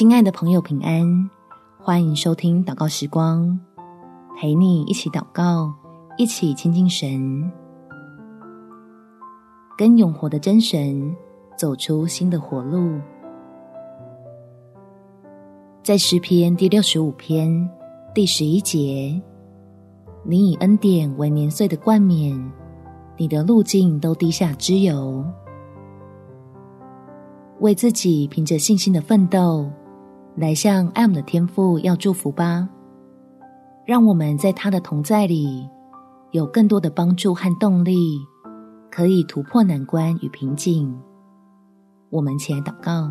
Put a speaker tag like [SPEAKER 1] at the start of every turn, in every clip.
[SPEAKER 1] 親愛的朋友，平安！歡迎收聽禱告時光，陪你一起禱告，一起親近神，跟永活的真神走出新的活路。在詩篇第六十五篇第十一節，你以恩典為年歲的冠冕，你的路徑都滴下脂油，為自己憑着信心的奮鬥。來向愛我們的天父要祝福吧，讓我們在他的同在裡有更多的幫助和動力，可以突破難關與瓶頸。我們前來禱告，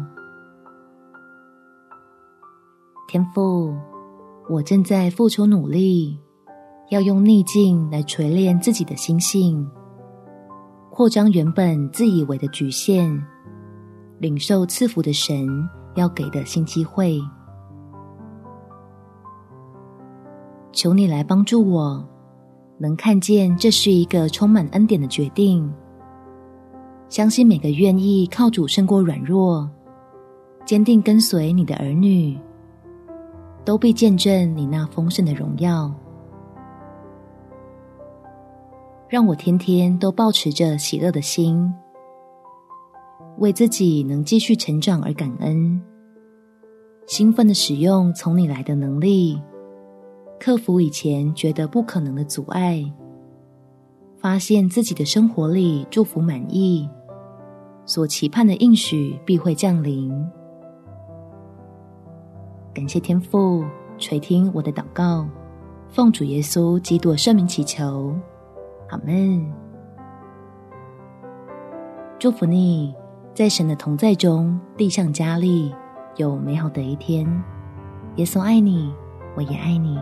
[SPEAKER 1] 天父，我正在付出努力，要用逆境來錘煉自己的心性，擴張原本自以為的侷限，領受賜福的神。要給的新機會，求你來幫助我，能看見這是一個充滿恩典的決定。相信每個願意靠主勝過軟弱、堅定跟隨你的兒女，都必見證你那豐盛的榮耀。讓我天天都抱持着喜樂的心。為自己能繼續成長而感恩，興奮的使用從你來的能力，克服以前覺得不可能的阻礙，發現自己的生活裡祝福滿溢，所期盼的應許必會降臨。感謝天父垂聽我的禱告，奉主耶穌基督聖名祈求，阿門。祝福你。在神的同在中，力上加力，有美好的一天。耶穌愛你，我也愛你。